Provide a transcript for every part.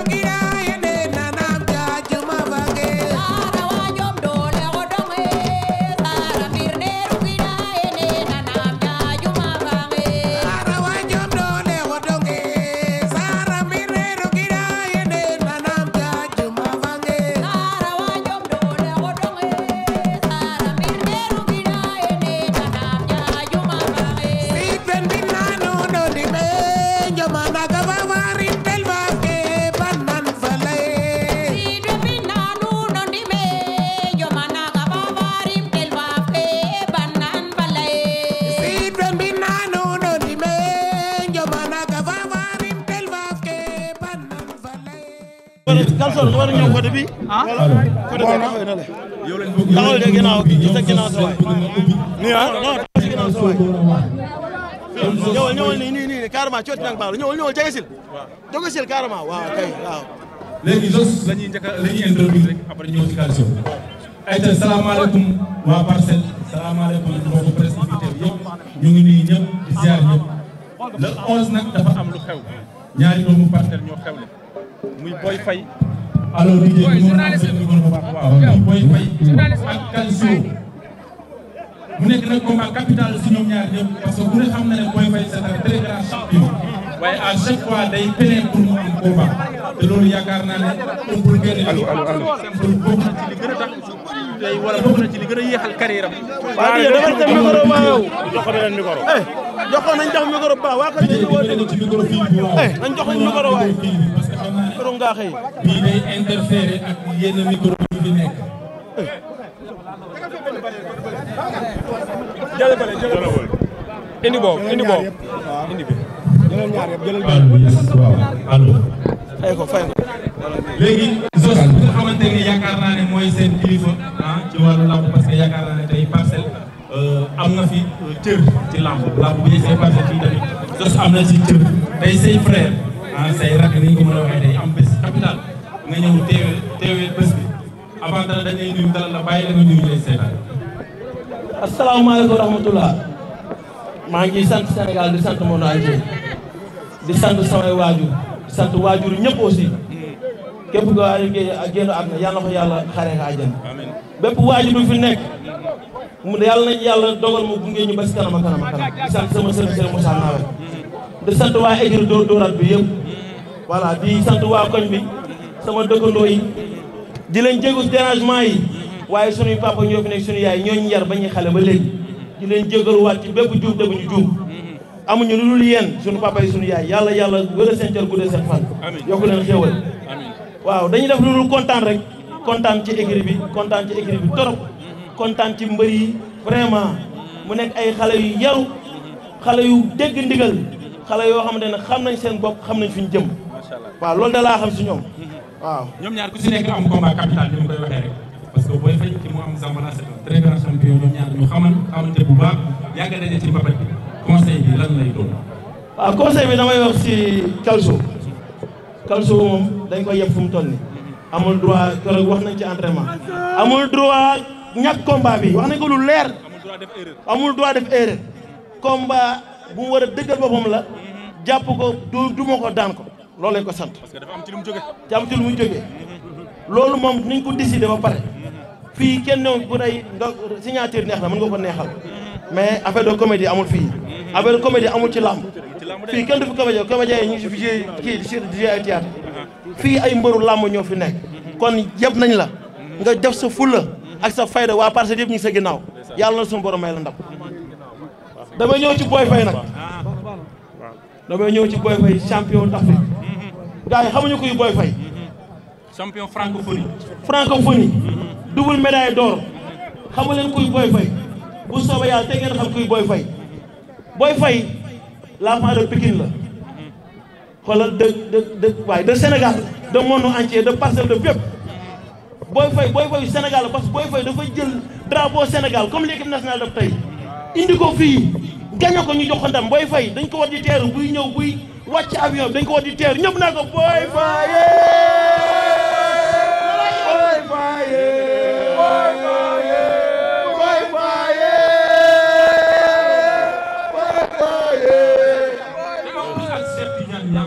quiero Kalson nga war a ñëw côté bi. ah côté bi taxawee na la. taxawee de ginnaaw gi sa ginnaaw sa waay. nii ah non taxawee sa ginnaaw sa waay. ñëwal ñëwal nii nii nii la ñuy a la ñuy introduire nag dafa am lu xew ñaari doomu parcelle ñoo xewle. muy Boy Faye allo DJ bi mu ak Kalso mu nekk nag combat capital si ñoom ñaar ñëpp parce que ku ne xam na ne Boy Faye c'est un très grand champion waaye à chaque fois day peine pour mu am combat te loolu yaakaar naa ne ëppul benn allo allo allo bokk na ci li gën a tax tey wala bokk na ci li gën a yéexal carrière am waaw dafa dem micro ba yow jox ko beneen micro eh jox ko nañ jox micro ba waa ko ñu woote ci micro fii bi eh, waaw nañ jox micro waay micro nga xëy bii day ak yenn micro yi fi nekk ko léegi jos bi nga xamante ni yaakaar naa ne mooy seen kilifa ah ci wàllu làmb parce que yaakaar naa ne tey parcelle euh, am na fi euh, cër ci làmb làmb bu ñu see fii tamit jos am na ci cër tey say frère ah say rakk ni ñu ko mën a ñëw teewee teewee bés bi avant dara dañ lay nuyu dalal la bàyyi la nga nuyu lay seetaan. asalaamaaleykum wa rahmatulah. maa ngi sant Sénégal di sant monde entier di sant samay waajur di sant waajur ñëpp aussi képp ko waajur génn ak na yàlla na ko yàlla xaree ka àjjana bépp waajur bu fi nekk mu yàlla nañ yàlla dogal mu gunge ñu ba si kanam a kanam a kanam di sant sama sëriñ sëriñ Moussa Nawel di sant waa écurie Dóor Dóoraat bi yëpp voilà di sant waa koñ bi sama dëkkandoo yi di leen jégalu dérangement yi waaye sunuy papa ñoo fi nekk sunu yaay ñooñu yar ba ñuy xale ba léegi di leen jégaluwaat ci bépp juum te bu ñu juum amuñu lu dul yéen sunu papa yi sunu yaay yàlla yàlla wéral seen cër guddee seen fan yokku leen xéewal waaw dañuy def lu dul kontaan rek kontaan ci écrit bi kontaan ci écrit bi torop kontaan ci mbër yi vraiment mu nekk ay xale yu yaru xale yu dégg ndigal xale yoo xamante ne xam nañ seen bopp xam nañ fu ñu jëm macha allah waaw loolu da laa xam si ñoom. Mm-hmm. waaw ñoom ñaar ku si nekk am combat capital bi ñu koy waxee rek. parce que booy fay ci mu am Zambala c'est un très grand champion ñoom ñaar ñu xaman xamante bu baax yàgg daje ci mbapat bi conseil bi lan lay doon. waaw conseil mm-hmm. bu mu war a dëggal boppam la. Mm-hmm. jàpp ko du duma ko daan ko. loolu lañ ko sant. parce que dafa am ci lu loolu moom niñ ko décidé ba pare. fii kenn ñëw bu day nga signature neex na mën nga ko neexal. mais affaire de comédie amul fii. affaire de comédie amul ci làmb. fii kenn du fi comédien comédien yi ñu ngi fi ay théâtre. Uh-huh. fii ay mbëru làmb ñoo fi nekk. kon yëpp nañ la. nga def sa fulla ak sa fayda waa parce que yëpp ñu ngi sa ginnaaw. yàlla na suñu borom may la ndam. damay ñëw ci Boy Faye nag. Ah. damay ñëw ci Boy Faye champion d'Afrique gars yi xamuñu kuy Boy Faye mm-hmm. champion francophonie. francophonie. double médaille d'or xamu leen kuy Boy Faye bu soobee yàlla te ngeen xam kuy Boy Faye Boy Faye de Pikine de de de waaye de Sénégal de monde entier de parcelle de fépp que Boy Faye dafa jël drapeau Sénégal comme l'équipe nationale daf tey indi ko fii gañe ko ñu jox ndam Boy Faye dañ ko war di teeru buy ñëw buy. wàcc avion bi dañ ko war di teer ñëpp naa ko booy faaye booy faaye booy faaye booy faaye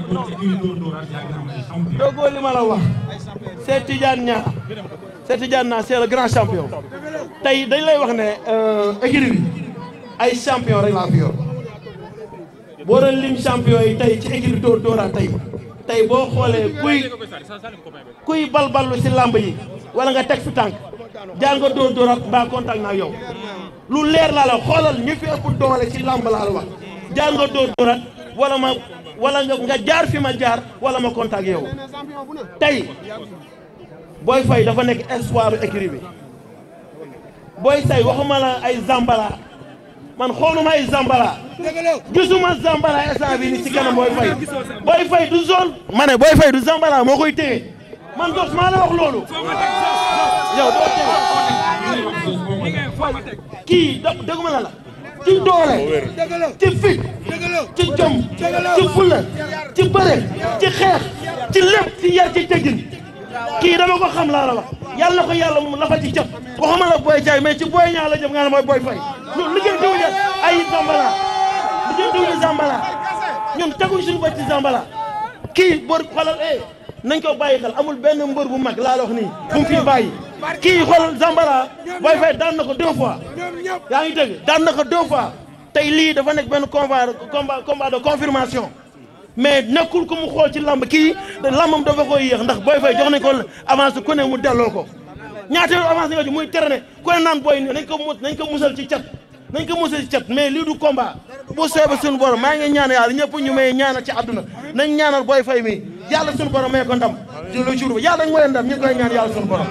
booy faaye doogoo li ma la wax Cheikh Tidiane Niang Cheikh Tidiane Niang c'est le grand champion tey dañ lay wax ne euh, écurie bi ay champion rek laa fi yor boo doon lim champion yi tey ci équipe dóor dóoraa tey tey boo xoolee kuy kuy balballu si làmb yi wala nga teg fi tànk jaar nga dóor dóoraat mbaa contact naa yow lu leer laa la xoolal ñu fi ëpp doole si làmb laa la wax jaar nga dóor dóoraat wala ma wala nga jaar fi ma jaar wala ma contact yow tey Boy Faye dafa nekk espoir u écurie bi Boy Faye waxuma la ay Zambala man xooluma ay Zambala gisuma Zambala instant bi ni ci kanam booy fay booy fay du zone ma booy fay du Zambala moo koy téye man dox maa la wax loolu yow doo téye kii dëgguma la la ci doole ci fit ci jom ci fulla ci bëre ci xeex ci lépp ci yar ci teggin kii dama ko xam laa la wax yàlla ko yàlla moom mu fa ci jëm waxuma la booy jaay mais ci booy ñaa la jëm nga ne booy fay loolu liggéey diwu ay Zambala jënduñu Zambala ñun teguñ suñu bët ci kii bor xolal eh nañ ko bàyyi xel amul benn mbër bu mag laa la wax nii bu mu fi bàyyi kii xol Zambala booy fay daan na ko deux fois yaa ngi dégg daan na ko deux tey lii dafa nekk benn combat combat combat de confirmation mais nekkul ko mu xool ci lamb kii lambam dafa koy yéex ndax booy fay jox nañ ko avance ku ne mu delloo ko ñaata avance ni nga ci muy tere ne ku ne naan booy nañ ko nañ ko musal ci cat nañ ko mos ci cat mais lii du combat bu soobee suñu borom maa ngi ñaan yàlla ñëpp ñu may ñaanal ci àdduna nañ ñaanal Boy Faye mi yàlla suñu borom may ko ndam. jërëjëf yàlla nañ mooy ndam ñu koy ñaan yàlla suñu borom.